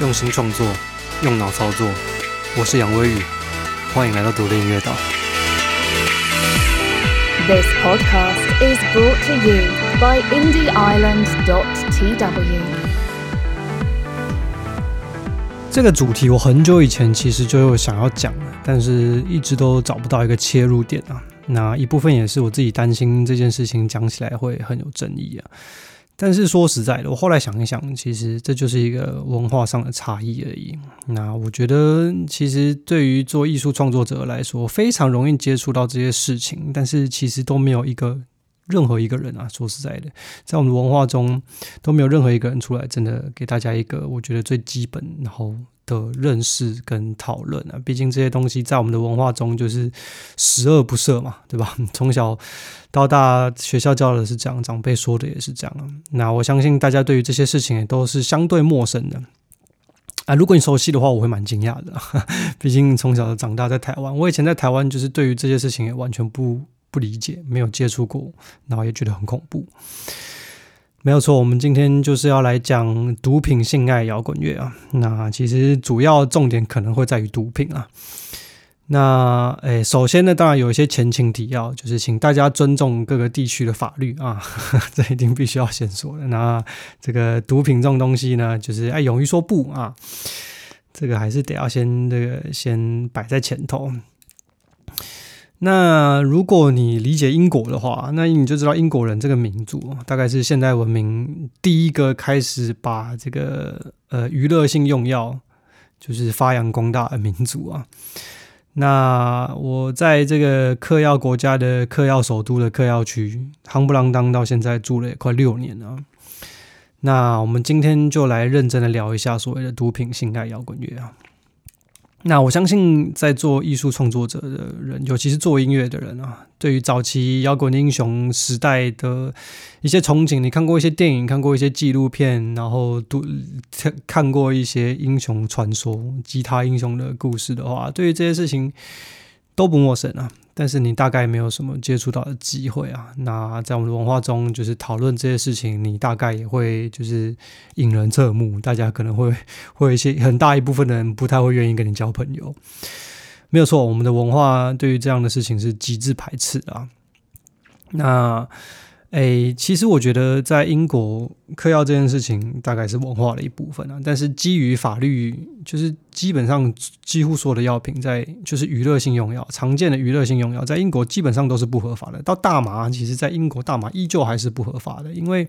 用心創作，用腦操作。我是楊威宇，歡迎來到獨立音樂島。This podcast is brought to you by Indie Island dot tw。這個主題我很久以前其實就有想要講了，但是一直都找不到一個切入點啊。那一部分也是我自己擔心這件事情講起來會很有爭議啊。但是說實在的，我後來想一想，其實這就是一個文化上的差異而已。那我覺得，其實對於做藝術創作者來說，非常容易接觸到這些事情，但是其實都沒有一個。任何一個人啊，說實在的，在我們的文化中都沒有任何一個人出來，真的給大家一個我覺得最基本然後的認識跟討論啊。畢竟這些東西在我們的文化中就是十惡不赦嘛，對吧？從小到大，學校教的是這樣，長輩說的也是這樣。那我相信大家對於這些事情也都是相對陌生的啊。如果你熟悉的話，我會蠻驚訝的。畢 竟從小的長大在台灣，我以前在台灣就是對於這些事情也完全不。不理解，沒有接觸過，然後也覺得很恐怖。沒有錯，我們今天就是要來講毒品、性愛、搖滾樂啊。那其實主要重點可能會在於毒品啊。那誒，首先呢，當然有一些前情提要，就是請大家尊重各個地區的法律啊，呵呵，這一定必須要先說的。那這個毒品這種東西呢，就是哎，勇於說不啊，這個還是得要先這個先擺在前頭。那如果你理解英國的話，那你就知道英國人這個民族大概是現代文明第一個開始把這個呃娛樂性用藥就是發揚光大的民族啊。那我在這個嗑藥國家的嗑藥首都的嗑藥區夯不啷當到現在住了也快六年了啊。那我們今天就來認真的聊一下所謂的毒品、性愛、搖滾樂啊。那我相信，在做藝術創作者的人，尤其是做音樂的人啊，對於早期搖滾英雄時代的一些憧憬，你看過一些電影，看過一些紀錄片，然後讀、看看過一些英雄傳說、吉他英雄的故事的話，對於這些事情都不陌生啊。但是你大概沒有什麼接觸到的機會啊。那在我們的文化中，就是討論這些事情，你大概也會就是引人側目，大家可能會會有一些很大一部分的人不太會願意跟你交朋友。沒有錯，我們的文化對於這樣的事情是極致排斥啊。那。哎、欸，其實我覺得在英國嗑藥這件事情大概是文化的一部分啊。但是基於法律，就是基本上幾乎所有的藥品在，就是娛樂性用藥，常見的娛樂性用藥在英國基本上都是不合法的。到大麻，其實，在英國大麻依舊還是不合法的。因為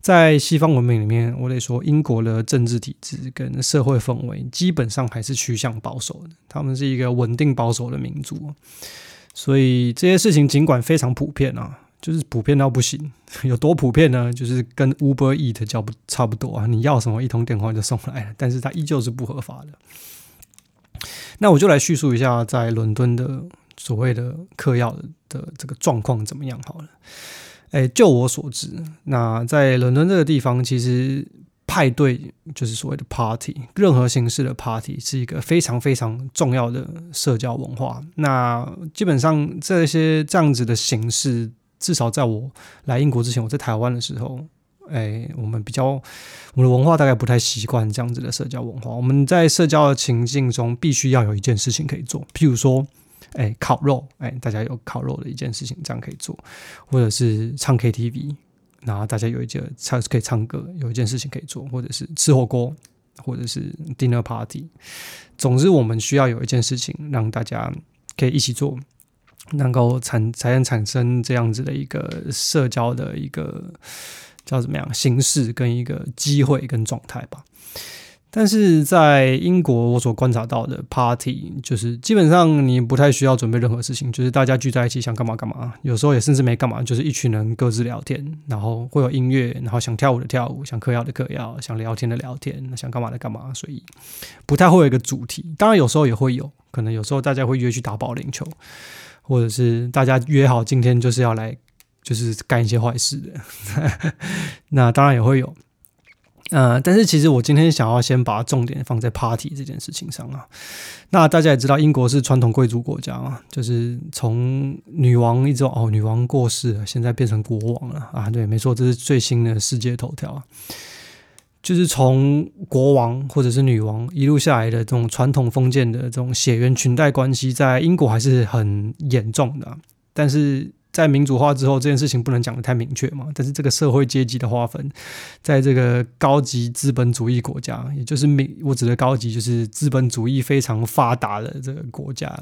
在西方文明裡面，我得說英國的政治體制跟社會氛圍基本上還是趨向保守的，他們是一個穩定保守的民族，所以這些事情儘管非常普遍啊。就是普遍到不行，有多普遍呢？就是跟 Uber Eat 叫不差不多啊，你要什麼，一通電話就送來了，但是它依舊是不合法的。那我就來敘述一下，在倫敦的所謂的嗑藥的這個狀況怎麼樣好了。哎，就我所知，那在倫敦這個地方，其實派對就是所謂的 Party，任何形式的 Party 是一個非常非常重要的社交文化。那基本上這些這樣子的形式。至少在我來英國之前，我在台灣的時候，哎，我們比較我們的文化大概不太習慣這樣子的社交文化。我們在社交的情境中，必須要有一件事情可以做，譬如說，哎，烤肉，哎，大家有烤肉的一件事情這樣可以做，或者是唱 KTV，然後大家有一件唱可以唱歌，有一件事情可以做，或者是吃火鍋，或者是 dinner party。總之，我們需要有一件事情讓大家可以一起做。能夠產才能產生這樣子的一個社交的一個叫什麼樣形式跟一個機會跟狀態吧。但是在英國，我所觀察到的 party 就是基本上你不太需要準備任何事情，就是大家聚在一起想幹嘛幹嘛，有時候也甚至沒幹嘛，就是一群人各自聊天，然後會有音樂，然後想跳舞的跳舞，想嗑藥的嗑藥，想聊天的聊天，想幹嘛的幹嘛，所以不太會有一個主題。當然有時候也會有，可能有時候大家會約去打保齡球。或者是大家約好今天就是要來，就是幹一些壞事的， 那當然也會有，呃，但是其實我今天想要先把重點放在 party 這件事情上啊。那大家也知道，英國是傳統貴族國家嘛，就是從女王一直哦，女王過世了，現在變成國王了啊，對，沒錯，這是最新的世界頭條。就是從國王或者是女王一路下來的這種傳統封建的這種血緣裙帶關係，在英國還是很嚴重的啊。但是在民主化之後，這件事情不能講得太明確嘛。但是這個社會階級的劃分，在這個高級資本主義國家，也就是民我指的高級就是資本主義非常發達的這個國家，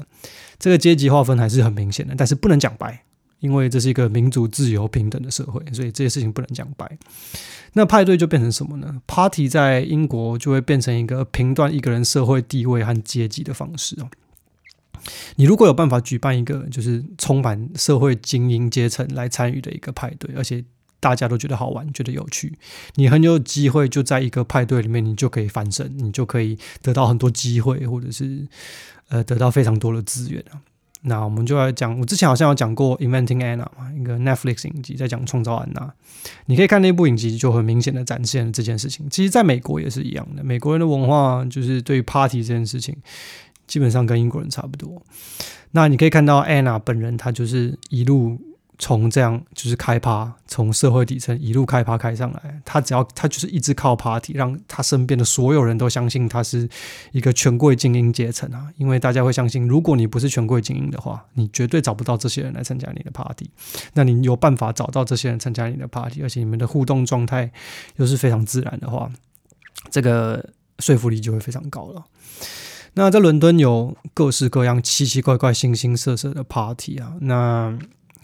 這個階級劃分還是很明顯的，但是不能講白。因為這是一個民主、自由、平等的社會，所以這些事情不能講白。那派對就變成什麼呢？Party 在英國就會變成一個評斷一個人社會地位和階級的方式。你如果有辦法舉辦一個就是充滿社會精英階層來參與的一個派對，而且大家都覺得好玩、覺得有趣，你很有機會就在一個派對裡面，你就可以翻身，你就可以得到很多機會，或者是呃，得到非常多的資源。那我們就來講，我之前好像有講過《Inventing Anna》嘛，一個 Netflix 影集，在講創造安娜。你可以看那部影集，就很明顯的展現這件事情。其實，在美國也是一樣的，美國人的文化就是對於 party 這件事情，基本上跟英國人差不多。那你可以看到 Anna 本人，他就是一路。從這樣就是開趴，從社會底層一路開趴開上來，他只要他就是一直靠 party，讓他身邊的所有人都相信他是一個權貴精英階層啊，因為大家會相信，如果你不是權貴精英的話，你絕對找不到這些人來參加你的 party。那你有辦法找到這些人參加你的 party，而且你們的互動狀態又是非常自然的話，這個說服力就會非常高了。那在倫敦有各式各樣奇奇怪怪、形形色色的 party 啊，那。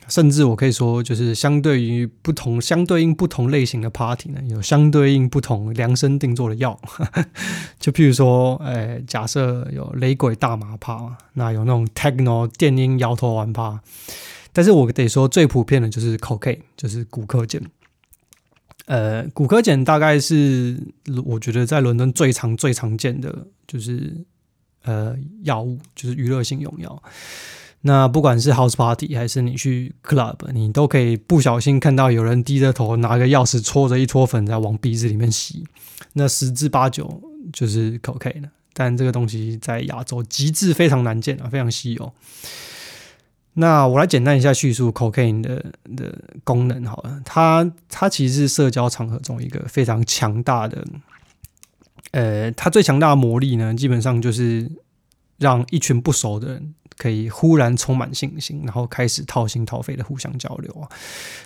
甚至我可以說，就是相對於不同、相對應不同類型的 party 呢，有相對應不同量身定做的藥。 就譬如說，呃、欸，假設有雷鬼大麻趴，那有那種 techno 電音搖頭丸趴，但是我得說最普遍的就是 cocaine，就是古柯鹼。呃，古柯鹼大概是我覺得在倫敦最常、最常見的就是呃藥物，就是娛樂性用藥。那不管是 house party 還是你去 club，你都可以不小心看到有人低着頭拿個鑰匙搓着一撮粉在往鼻子裡面吸，那十之八九就是 cocaine 了。但這個東西在亞洲極致非常難見啊，非常稀有。那我來簡單一下敘述 cocaine 的的功能好了，它它其實是社交場合中一個非常強大的，呃，它最強大的魔力呢，基本上就是讓一群不熟的人。可以忽然充滿信心，然後開始掏心掏肺的互相交流啊！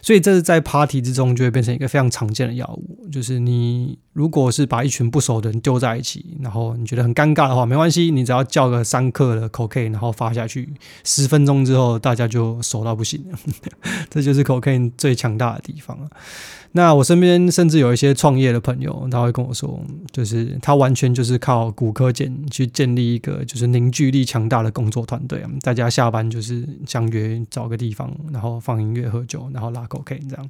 所以這是在 party 之中就會變成一個非常常見的藥物。就是你如果是把一群不熟的人丟在一起，然後你覺得很尷尬的話，沒關係，你只要叫個三克的 cocaine，然後發下去，十分鐘之後大家就熟到不行了。 這就是 cocaine 最強大的地方啊！那我身邊甚至有一些創業的朋友，他會跟我說，就是他完全就是靠古柯鹼去建立一個就是凝聚力強大的工作團隊。大家下班就是相約找個地方，然後放音樂、喝酒，然後拉口 K 這樣。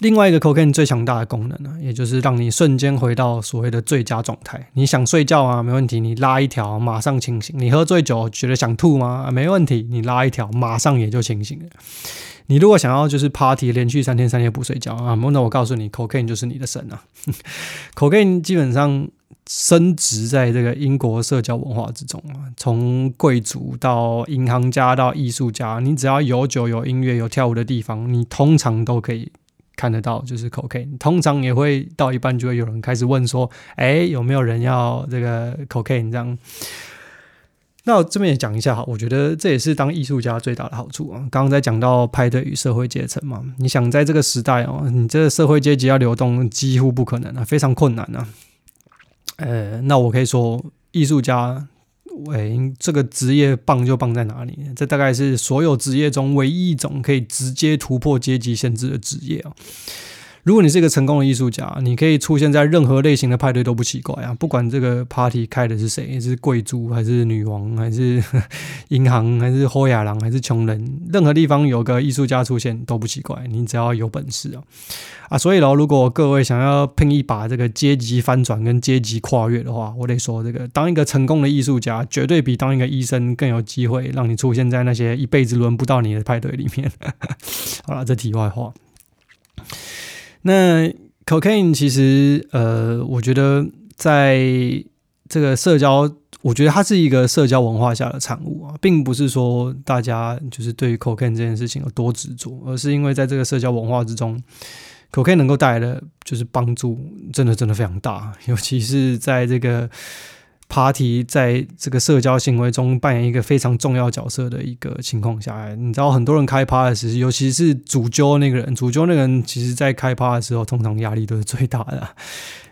另外一個口 K 最強大的功能呢、啊，也就是讓你瞬間回到所謂的最佳狀態。你想睡覺啊，沒問題，你拉一條馬上清醒。你喝醉酒覺得想吐嗎？沒問題，你拉一條馬上也就清醒了。你如果想要就是 Party 連續三天三夜不睡覺啊，那我告訴你，口 K 就是你的神啊。口 K 基本上。深植在這個英國社交文化之中啊，從貴族到銀行家到藝術家，你只要有酒、有音樂、有跳舞的地方，你通常都可以看得到，就是 cocaine。通常也會到一半就會有人開始問說：“哎，有沒有人要這個 cocaine？” 這樣。那我這邊也講一下哈，我覺得這也是當藝術家最大的好處啊。剛剛在講到派對與社會階層嘛，你想在這個時代哦，你這個社會階級要流動幾乎不可能啊，非常困難啊。呃，那我可以說，藝術家，哎、欸，這個職業棒就棒在哪裡？這大概是所有職業中唯一一種可以直接突破階級限制的職業啊。如果你是一個成功的藝術家，你可以出現在任何類型的派對都不奇怪啊！不管這個 party 開的是誰，是貴族，還是女王，還是呵銀行，還是好野人，還是窮人，任何地方有個藝術家出現都不奇怪。你只要有本事啊啊！所以呢，如果各位想要拼一把這個階級翻轉跟階級跨越的話，我得說這個，當一個成功的藝術家，絕對比當一個醫生更有機會讓你出現在那些一輩子輪不到你的派對裡面。呵呵好啦，這題外話。那 cocaine 其實，呃，我覺得在這個社交，我覺得它是一個社交文化下的產物啊，並不是說大家就是對於 cocaine 這件事情有多執着，而是因為在這個社交文化之中，cocaine 能夠帶來的就是幫助，真的真的非常大，尤其是在這個。Party 在這個社交行為中扮演一個非常重要角色的一個情況下，欸，你知道很多人開 Party 的時候，尤其是主揪那個人，主揪那個人其實在開 Party 的時候，通常壓力都是最大的，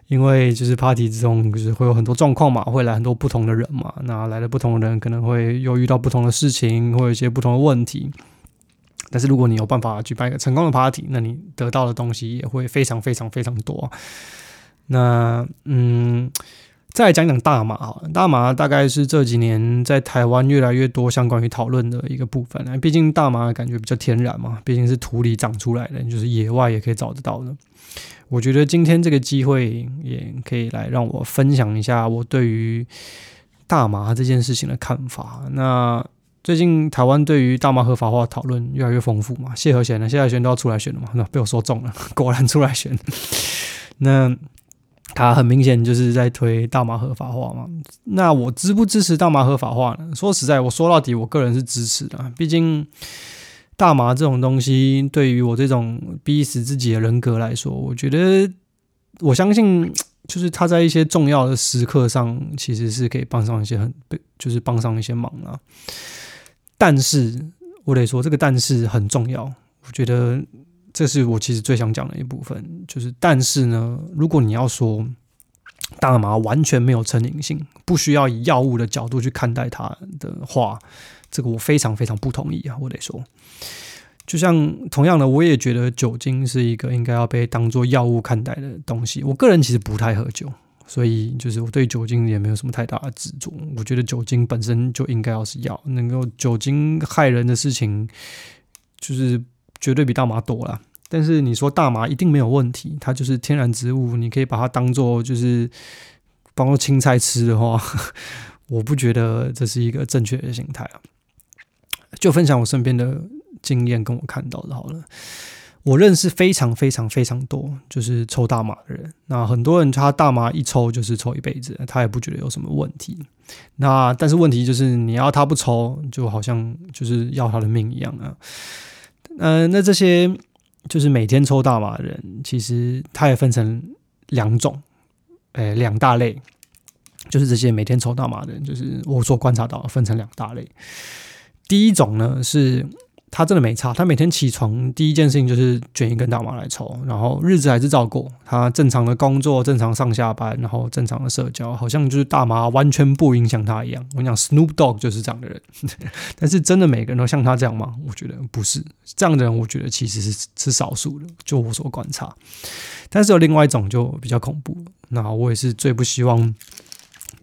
因為就是 Party 之中，就是會有很多狀況嘛，會來很多不同的人嘛，那來了不同的人，可能會又遇到不同的事情，會有一些不同的問題。但是如果你有辦法舉辦一個成功的 Party，那你得到的東西也會非常非常非常多。那嗯。再來講講大麻，大麻大概是這幾年在台灣越來越多相關於討論的一個部分，畢竟大麻感覺比較天然嘛，畢竟是土裡長出來的，就是野外也可以找得到的。我覺得今天這個機會也可以來讓我分享一下我對於大麻這件事情的看法。那最近台灣對於大麻合法化討論越來越豐富嘛，謝和弦呢，謝和弦都要出來選了嘛，被我說中了，果然出來選。 那。他很明顯就是在推大麻合法化嘛。那我支不支持大麻合法化呢？說實在，我說到底，我個人是支持的。畢竟大麻這種東西，對於我這種逼死自己的人格來說，我覺得我相信，就是他在一些重要的時刻上，其實是可以幫上一些很，就是幫上一些忙啊。但是我得說，這個但是很重要，我覺得。這是我其實最想講的一部分，就是但是呢，如果你要說大麻完全沒有成癮性，不需要以藥物的角度去看待它的話，這個我非常非常不同意啊！我得說，就像同樣的，我也覺得酒精是一個應該要被當作藥物看待的東西。我個人其實不太喝酒，所以就是我對酒精也沒有什麼太大的執着。我覺得酒精本身就應該要是藥，能夠酒精害人的事情就是絕對比大麻多了，但是你說大麻一定沒有問題，它就是天然植物，你可以把它當做就是當做青菜吃的話，我不覺得這是一個正確的心態啊。就分享我身邊的經驗跟我看到的好了，我認識非常非常非常多就是抽大麻的人，那很多人他大麻一抽就是抽一輩子，他也不覺得有什麼問題。那但是問題就是你要他不抽，就好像就是要他的命一樣啊。嗯、呃，那這些就是每天抽大麻的人，其實他也分成兩種，誒、呃，兩大類，就是這些每天抽大麻的人，就是我所觀察到分成兩大類，第一種呢是。他真的沒差，他每天起床第一件事情就是捲一根大麻來抽，然後日子還是照過，他正常的工作、正常上下班，然後正常的社交，好像就是大麻完全不影響他一樣。我講 Snoop Dogg 就是這樣的人， 但是真的每個人都像他這樣嗎？我覺得不是，這樣的人我覺得其實是是少數的，就我所觀察。但是有另外一種就比較恐怖了，那我也是最不希望，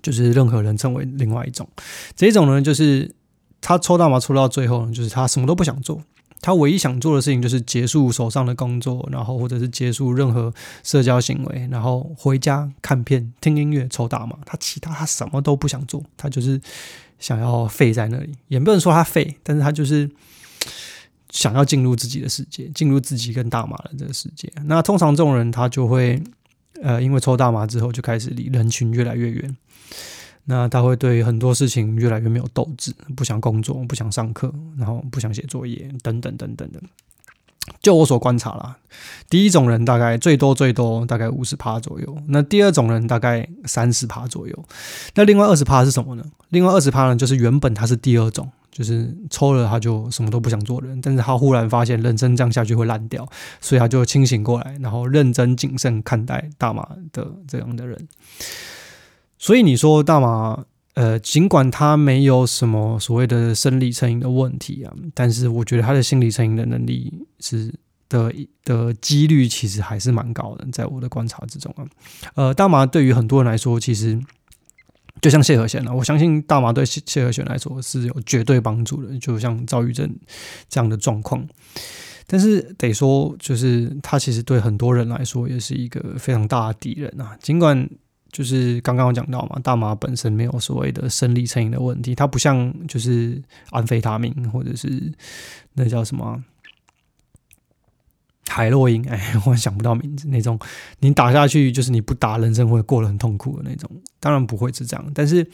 就是任何人成為另外一種，這一種呢就是。他抽大麻抽到最後呢，就是他什麼都不想做，他唯一想做的事情就是結束手上的工作，然後或者是結束任何社交行為，然後回家看片、聽音樂、抽大麻。他其他他什麼都不想做，他就是想要廢在那裡。也不能說他廢，但是他就是想要進入自己的世界，進入自己跟大麻的這個世界。那通常這種人，他就會呃，因為抽大麻之後，就開始離人群越來越遠。那他會對很多事情越來越沒有鬥志，不想工作，不想上課，然後不想寫作業，等等等等的。就我所觀察啦，第一種人大概最多最多大概五十趴左右，那第二種人大概三十趴左右，那另外二十趴是什麼呢？另外二十趴呢，就是原本他是第二種，就是抽了他就什麼都不想做的人。但是他忽然發現人生這樣下去會爛掉，所以他就清醒過來，然後認真謹慎看待大麻的這樣的人。所以你說大麻，呃，儘管他沒有什麼所謂的生理成癮的問題啊，但是我覺得他的心理成癮的能力是的的幾率其實還是蠻高的，在我的觀察之中啊，呃，大麻對於很多人來說，其實就像謝和弦了啊，我相信大麻對謝和弦來說是有絕對幫助的，就像躁鬱症這樣的狀況，但是得說，就是他其實對很多人來說也是一個非常大的敵人啊，儘管。就是剛剛講到嘛，大麻本身沒有所謂的生理成癮的問題，它不像就是安非他命，或者是那叫什麼海洛因，哎，我想不到名字那種，你打下去就是你不打，人生會過得很痛苦的那種。當然不會是這樣，但是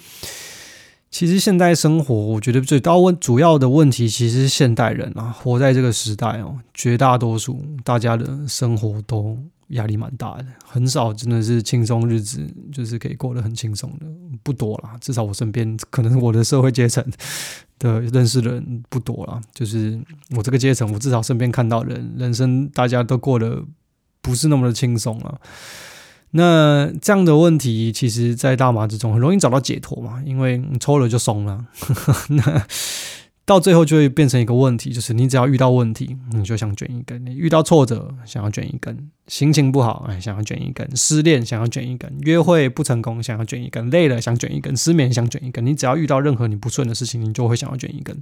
其實現代生活，我覺得最大問主要的問題，其實是現代人啊，活在這個時代哦，絕大多數大家的生活都壓力蠻大的，很少真的是輕鬆日子，就是可以過得很輕鬆的，不多啦。至少我身邊，可能我的社會階層的認識的人不多啦。就是我這個階層，我至少身邊看到人，人生大家都過得不是那麼的輕鬆了。那這樣的問題，其實，在大麻之中很容易找到解脫嘛，因為你抽了就鬆了。 那。到最後就會變成一個問題，就是你只要遇到問題，你就想捲一根；你遇到挫折，想要捲一根；心情不好，想要捲一根；失戀，想要捲一根；約會不成功，想要捲一根；累了，想捲一根；失眠，想捲一根。你只要遇到任何你不順的事情，你就會想要捲一根。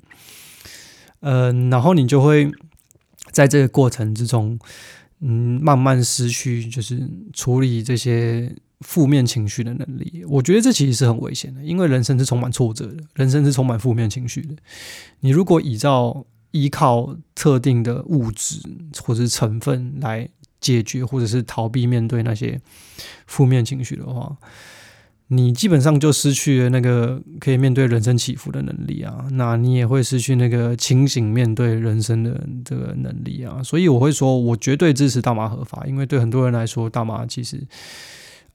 嗯、呃，然後你就會在這個過程之中，嗯，慢慢失去，就是處理這些。負面情緒的能力，我覺得這其實是很危險的，因為人生是充滿挫折的，人生是充滿負面情緒的。你如果依照依靠特定的物質或者是成分來解決，或者是逃避面對那些負面情緒的話，你基本上就失去了那個可以面對人生起伏的能力啊。那你也會失去那個清醒面對人生的這個能力啊。所以我會說，我絕對支持大麻合法，因為對很多人來說，大麻其實。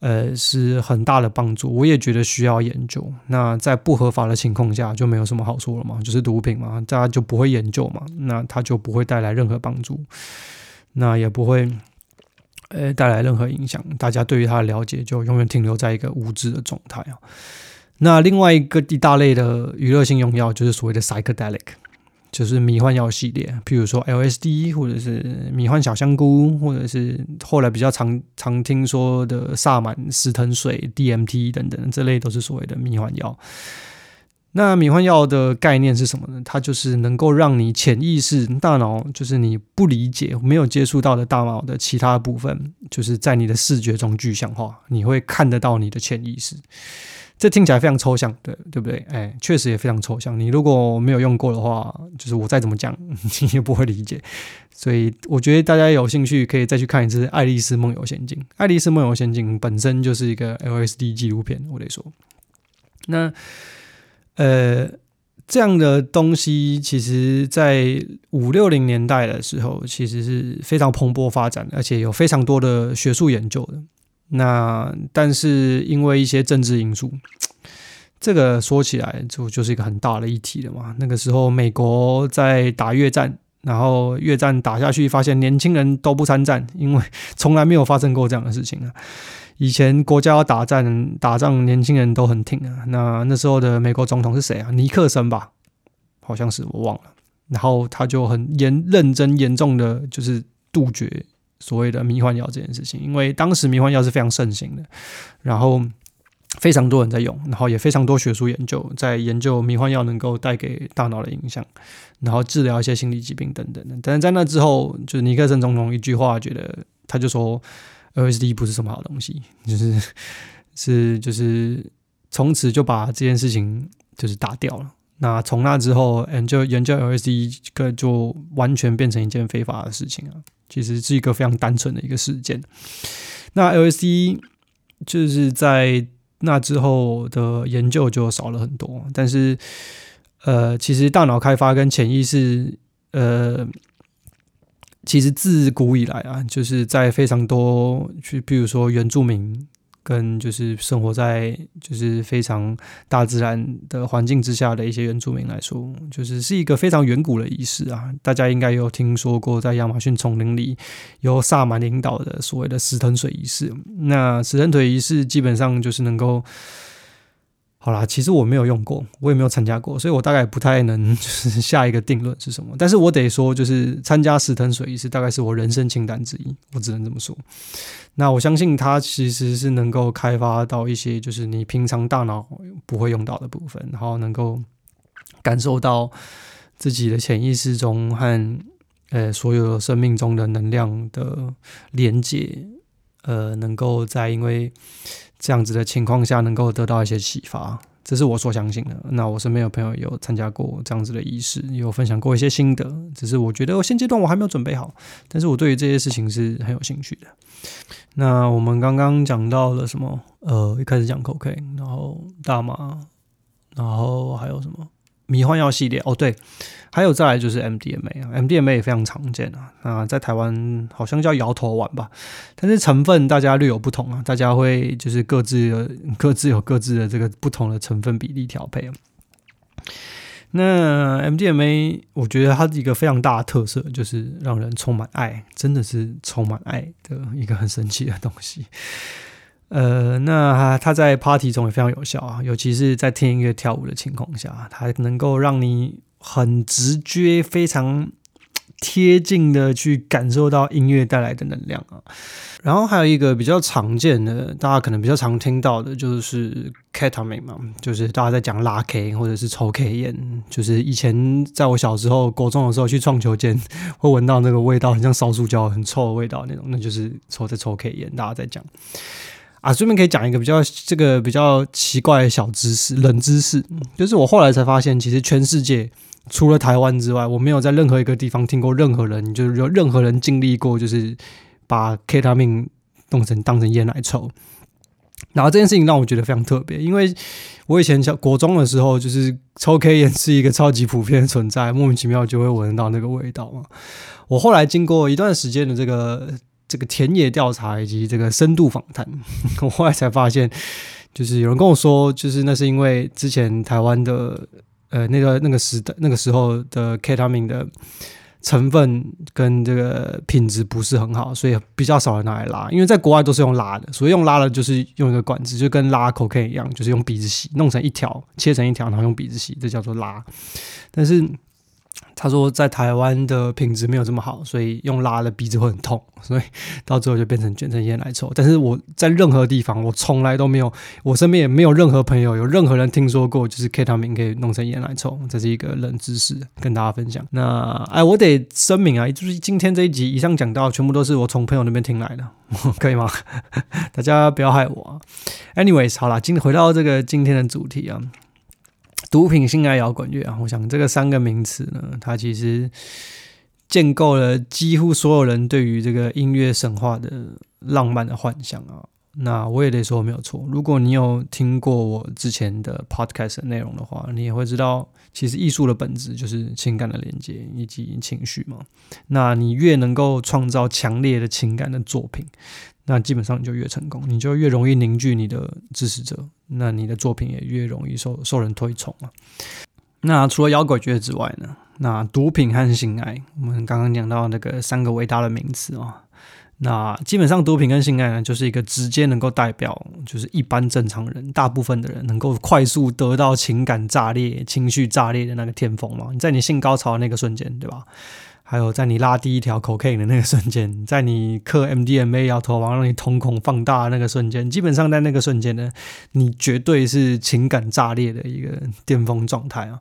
呃，是很大的幫助，我也覺得需要研究。那在不合法的情況下，就沒有什麼好處了嘛，就是毒品嘛，大家就不會研究嘛，那它就不會帶來任何幫助，那也不會，呃，帶來任何影響。大家對於它的了解就永遠停留在一個無知的狀態啊。那另外一個一大類的娛樂性用藥，就是所謂的 psychedelic。就是迷幻藥系列，譬如說 LSD，或者是迷幻小香菇，或者是後來比較常常聽說的薩滿死藤水、DMT 等等，這類都是所謂的迷幻藥。那迷幻藥的概念是什麼呢？它就是能夠讓你潛意識大腦，就是你不理解、沒有接觸到的大腦的其他部分，就是在你的視覺中具象化，你會看得到你的潛意識。這聽起來非常抽象，對對不對？哎，確實也非常抽象。你如果沒有用過的話，就是我再怎麼講，你也不會理解。所以我覺得大家有興趣可以再去看一次《愛麗絲夢遊仙境》。《愛麗絲夢遊仙境》本身就是一個 LSD 紀錄片，我得說。那。呃，這樣的東西其實，在五六零年代的時候，其實是非常蓬勃發展，而且有非常多的學術研究的。那但是因為一些政治因素，這個說起來就就是一個很大的議題了嘛。那個時候美國在打越戰，然後越戰打下去，發現年輕人都不參戰，因為從來沒有發生過這樣的事情啊。以前國家要打仗，打仗，年輕人都很挺啊。那那時候的美國總統是誰啊？尼克森吧，好像是我忘了。然後他就很嚴認真、嚴重的，就是杜絕所謂的迷幻藥這件事情，因為當時迷幻藥是非常盛行的，然後非常多人在用，然後也非常多學術研究在研究迷幻藥能夠帶給大腦的影響，然後治療一些心理疾病等等的。但是在那之後，就是尼克森總統一句話，覺得他就說。LSD 不是什麼好東西，就是是就是從此就把這件事情就是打掉了。那從那之後，研究研究 LSD 個就完全變成一件非法的事情了。其實是一個非常單純的一個事件。那 LSD 就是在那之後的研究就少了很多，但是呃，其實大腦開發跟潛意識呃。其實自古以來啊，就是在非常多，去比如說原住民跟就是生活在就是非常大自然的環境之下的一些原住民來說，就是是一個非常遠古的儀式啊。大家應該有聽說過，在亞馬遜叢林裡由薩滿領導的所謂的“死藤水”儀式。那“死藤水”儀式基本上就是能夠。好啦，其實我沒有用過，我也沒有參加過，所以我大概不太能就是下一個定論是什麼。但是我得說，就是參加死藤水儀式，大概是我人生清單之一，我只能這麼說。那我相信它其實是能夠開發到一些，就是你平常大腦不會用到的部分，然後能夠感受到自己的潛意識中和呃所有生命中的能量的連接，呃，能夠在因為。這樣子的情況下，能夠得到一些啟發，這是我所相信的。那我身邊有朋友有參加過這樣子的儀式，有分享過一些心得，只是我覺得我現階段我還沒有準備好，但是我對於這些事情是很有興趣的。那我們剛剛講到了什麼？呃，一開始講 cocaine，然後大麻，然後還有什麼？迷幻藥系列哦，對，還有再來就是 MDMA，MDMA 也非常常見啊。那在台灣好像叫搖頭丸吧，但是成分大家略有不同啊。大家會就是各自各自有各自的這個不同的成分比例調配啊。那 MDMA，我覺得它是一個非常大的特色，就是讓人充滿愛，真的是充滿愛的一個很神奇的東西。呃，那它在 party 中也非常有效啊，尤其是在聽音樂跳舞的情況下，它能夠讓你很直覺、非常貼近的去感受到音樂帶來的能量啊。然後還有一個比較常見的，大家可能比較常聽到的就是 ketamine 嘛，就是大家在講拉 k 或者是抽 k 菸，就是以前在我小時候國中的時候去撞球間會聞到那個味道，很像燒塑膠、很臭的味道那種，那就是抽在抽 k 菸，大家在講。啊，順便可以講一個比較這個比較奇怪的小知識、冷知識，就是我後來才發現，其實全世界除了台灣之外，我沒有在任何一個地方聽過任何人，就是有任何人經歷過，就是把 K 他命弄成當成煙來抽。然後這件事情讓我覺得非常特別，因為我以前小國中的時候，就是抽 K 煙是一個超級普遍的存在，莫名其妙就會聞到那個味道嘛。我後來經過一段時間的這個。這個田野調查以及這個深度訪談，我後來才發現，就是有人跟我說，就是那是因為之前台灣的呃那個那個時那個時候的 ketamine 的成分跟這個品質不是很好，所以比較少人拿來拉。因為在國外都是用拉的，所以用拉的，就是用一個管子，就跟拉口 K 一樣，就是用鼻子吸，弄成一條，切成一條，然後用鼻子吸，這叫做拉。但是，他說，在台灣的品質沒有這麼好，所以用拉的鼻子會很痛，所以到最後就變成捲成煙來抽。但是我在任何地方，我從來都沒有，我身邊也沒有任何朋友，有任何人聽說過，就是 K 他命可以弄成煙來抽，這是一個冷知識，跟大家分享。那，哎，我得聲明啊，就是今天這一集以上講到，全部都是我從朋友那邊聽來的，可以嗎？大家不要害我啊。Anyways，好了，今回到這個今天的主題啊。毒品、性愛、搖滾樂，我想這個三個名詞呢，它其實建構了幾乎所有人對於這個音樂神話的浪漫的幻想啊。那我也得說我沒有錯，如果你有聽過我之前的 podcast 內容的話，你也會知道，其實藝術的本質就是情感的連結以及情緒嘛。那你越能夠創造強烈的情感的作品。那基本上你就越成功，你就越容易凝聚你的支持者，那你的作品也越容易受受人推崇啊。那除了搖滾樂之外呢？那毒品和性愛，我們剛剛講到那個三個偉大的名詞啊、哦。那基本上毒品跟性愛呢，就是一個直接能夠代表，就是一般正常人，大部分的人能夠快速得到情感炸裂、情緒炸裂的那個巔峰嘛。你在你性高潮的那個瞬間，對吧？還有，在你拉第一條 cocaine 的那個瞬間，在你嗑 MDMA 搖頭，然後讓你瞳孔放大的那個瞬間，基本上在那個瞬間呢，你絕對是情感炸裂的一個巔峰狀態啊！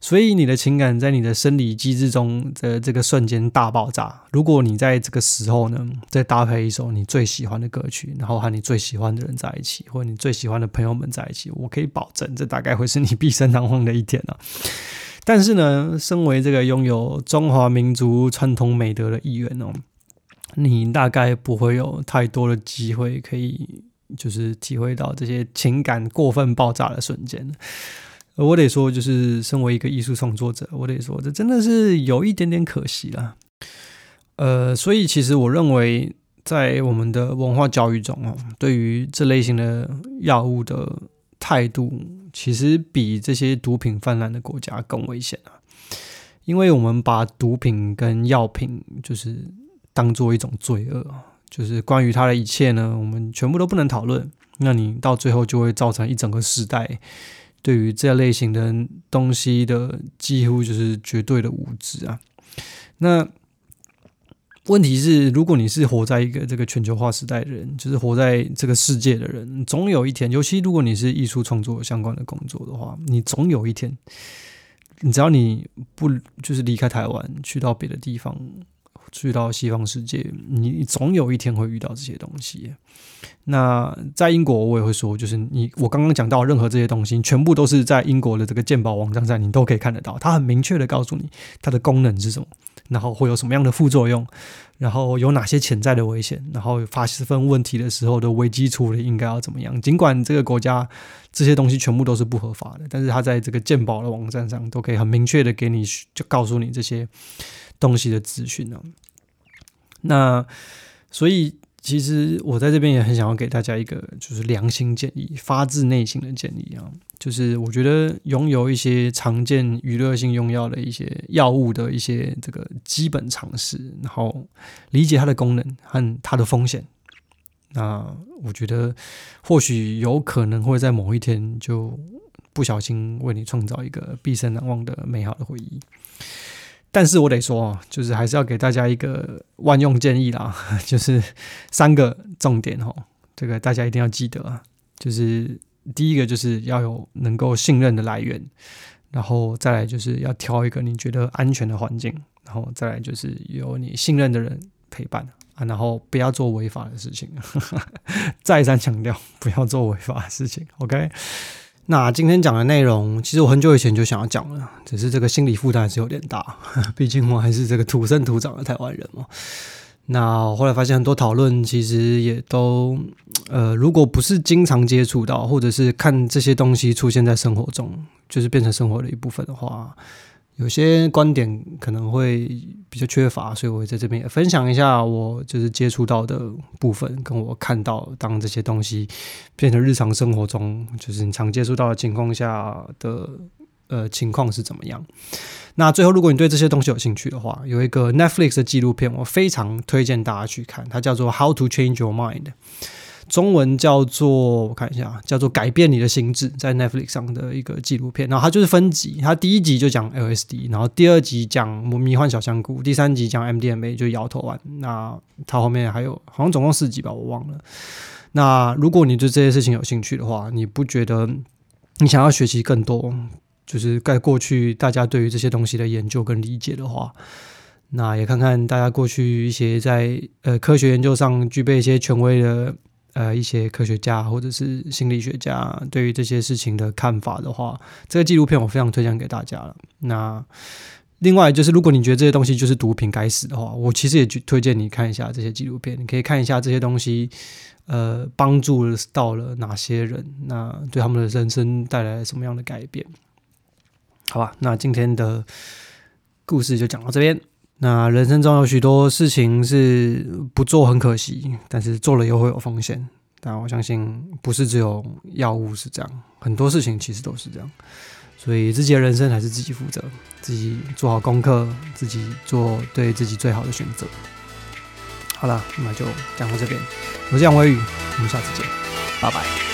所以你的情感在你的生理機制中的這個瞬間大爆炸。如果你在這個時候呢，再搭配一首你最喜歡的歌曲，然後和你最喜歡的人在一起，或者你最喜歡的朋友們在一起，我可以保證，這大概會是你畢生難忘的一天啊但是呢，身為這個擁有中華民族傳統美德的一員哦，你大概不會有太多的機會可以，就是體會到這些情感過分爆炸的瞬間。我得說，就是身為一個藝術創作者，我得說，這真的是有一點點可惜啦。呃，所以其實我認為，在我們的文化教育中哦，對於這類型的藥物的態度。其實比這些毒品氾濫的國家更危險啊！因為我們把毒品跟藥品就是當做一種罪惡，就是關於它的一切呢，我們全部都不能討論。那你到最後就會造成一整個時代對於這類型的東西的幾乎就是絕對的無知啊。那。問題是，如果你是活在一個這個全球化時代的人，就是活在這個世界的人，總有一天，尤其如果你是藝術創作相關的工作的話，你總有一天，你只要你不就是離開台灣，去到別的地方，去到西方世界，你總有一天會遇到這些東西。那在英國，我也會說，就是你，我剛剛講到任何這些東西，全部都是在英國的這個健保網站上，你都可以看得到，它很明確的告訴你它的功能是什麼。然後會有什麼樣的副作用？然後有哪些潛在的危險？然後發生問題的時候的危機處理應該要怎麼樣？儘管這個國家這些東西全部都是不合法的，但是他在這個健保的網站上都可以很明確的給你就告訴你這些東西的資訊、啊、那所以。其實我在這邊也很想要給大家一個就是良心建議，發自內心的建議啊，就是我覺得擁有一些常見娛樂性用藥的一些藥物的一些這個基本常識，然後理解它的功能和它的風險，那我覺得或許有可能會在某一天就不小心為你創造一個畢生難忘的美好的回憶。但是我得說，就是還是要給大家一個萬用建議啦，就是三個重點哈、哦，這個大家一定要記得啊。就是第一個，就是要有能夠信任的來源，然後再來就是要挑一個你覺得安全的環境，然後再來就是有你信任的人陪伴啊，然後不要做違法的事情，呵呵再三強調，不要做違法的事情，OK。那今天講的內容，其實我很久以前就想要講了，只是這個心理負擔還是有點大，畢竟我還是這個土生土長的台灣人嘛。那我後來發現很多討論，其實也都，呃，如果不是經常接觸到，或者是看這些東西出現在生活中，就是變成生活的一部分的話，有些觀點可能會比較缺乏，所以我在這邊也分享一下我就是接觸到的部分，跟我看到當這些東西變成日常生活中，就是你常接觸到的情況下的呃情況是怎麼樣。那最後，如果你對這些東西有興趣的話，有一個 Netflix 的紀錄片，我非常推薦大家去看，它叫做《How to Change Your Mind》。中文叫做，我看一下，叫做改變你的心智，在 Netflix 上的一個紀錄片。然後它就是分級，它第一集就講 LSD，然後第二集講迷幻小香菇，第三集講 MDMA，就搖頭丸。那它後面還有，好像總共四集吧，我忘了。那如果你對這些事情有興趣的話，你不覺得你想要學習更多，就是在過去大家對於這些東西的研究跟理解的話，那也看看大家過去一些在呃科學研究上具備一些權威的。呃，一些科學家或者是心理學家對於這些事情的看法的話，這個紀錄片我非常推薦給大家了。那另外就是，如果你覺得這些東西就是毒品該死的話，我其實也去推薦你看一下這些紀錄片。你可以看一下這些東西，呃，幫助到了哪些人，那對他們的人生帶來什麼樣的改變。好吧，那今天的故事就講到這邊。那人生中有許多事情是不做很可惜，但是做了又會有風險。但我相信，不是只有藥物是這樣，很多事情其實都是這樣。所以自己的人生還是自己負責，自己做好功課，自己做對自己最好的選擇。好了，那就講到這邊。我是楊偉宇，我們下次見，拜拜。